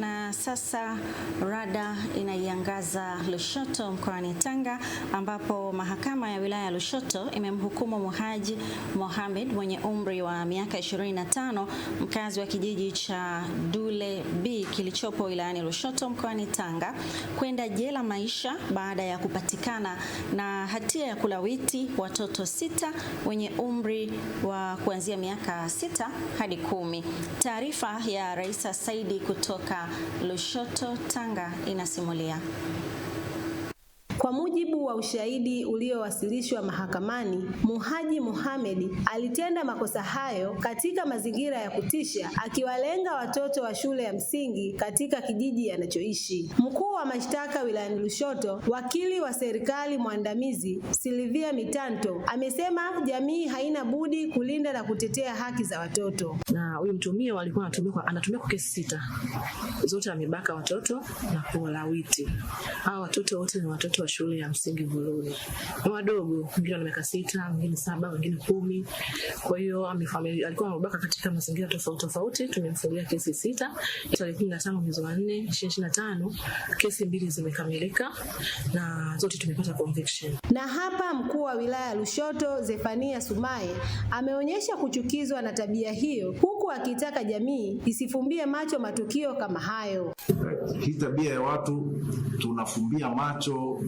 Na sasa rada inaiangaza Lushoto mkoani Tanga, ambapo mahakama ya wilaya ya Lushoto imemhukumu Muhaji Mohamed mwenye umri wa miaka 25 mkazi wa kijiji cha Dule kilichopo wilayani Lushoto mkoani Tanga kwenda jela maisha baada ya kupatikana na hatia ya kulawiti watoto sita wenye umri wa kuanzia miaka sita hadi kumi. Taarifa ya Raisa Saidi kutoka Lushoto, Tanga inasimulia. Kwa mujibu wa ushahidi uliowasilishwa mahakamani, Muhaji Muhammad alitenda makosa hayo katika mazingira ya kutisha, akiwalenga watoto wa shule ya msingi katika kijiji anachoishi. Mkuu wa mashtaka wilayani Lushoto, wakili wa serikali mwandamizi Silvia Mitanto, amesema jamii haina budi kulinda na kutetea haki za watoto. Na huyu mtumio alikuwa anatumia kwa kesi sita, zote amebaka watoto na kulawiti. Hawa watoto wote ni watoto wa shule ya msingi vuluni Ni Wadogo, wengine wana miaka sita, wengine saba, wengine kumi. Kwa hiyo alikuwa amebaka katika mazingira tofauti tofauti. Tumemfungulia kesi sita. Tarehe tano mwezi wa na tano. kesi mbili zimekamilika na zote tumepata conviction. Na hapa mkuu wa wilaya ya Lushoto Zefania Sumaye ameonyesha kuchukizwa na tabia hiyo huku huku akitaka jamii isifumbie macho matukio kama hayo. Hii tabia ya watu tunafumbia macho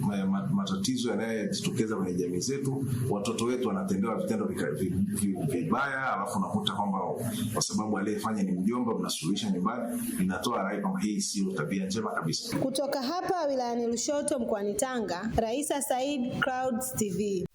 matatizo yanayojitokeza kwenye jamii zetu, watoto wetu wanatendewa vitendo vibaya, alafu unakuta kwamba kwa sababu aliyefanya ni mjomba, mnasuluhisha nyumbani. Inatoa rai kwamba hii siyo tabia njema kabisa. Kutoka hapa wilayani Lushoto mkoani Tanga, Raisa Said, Clouds TV.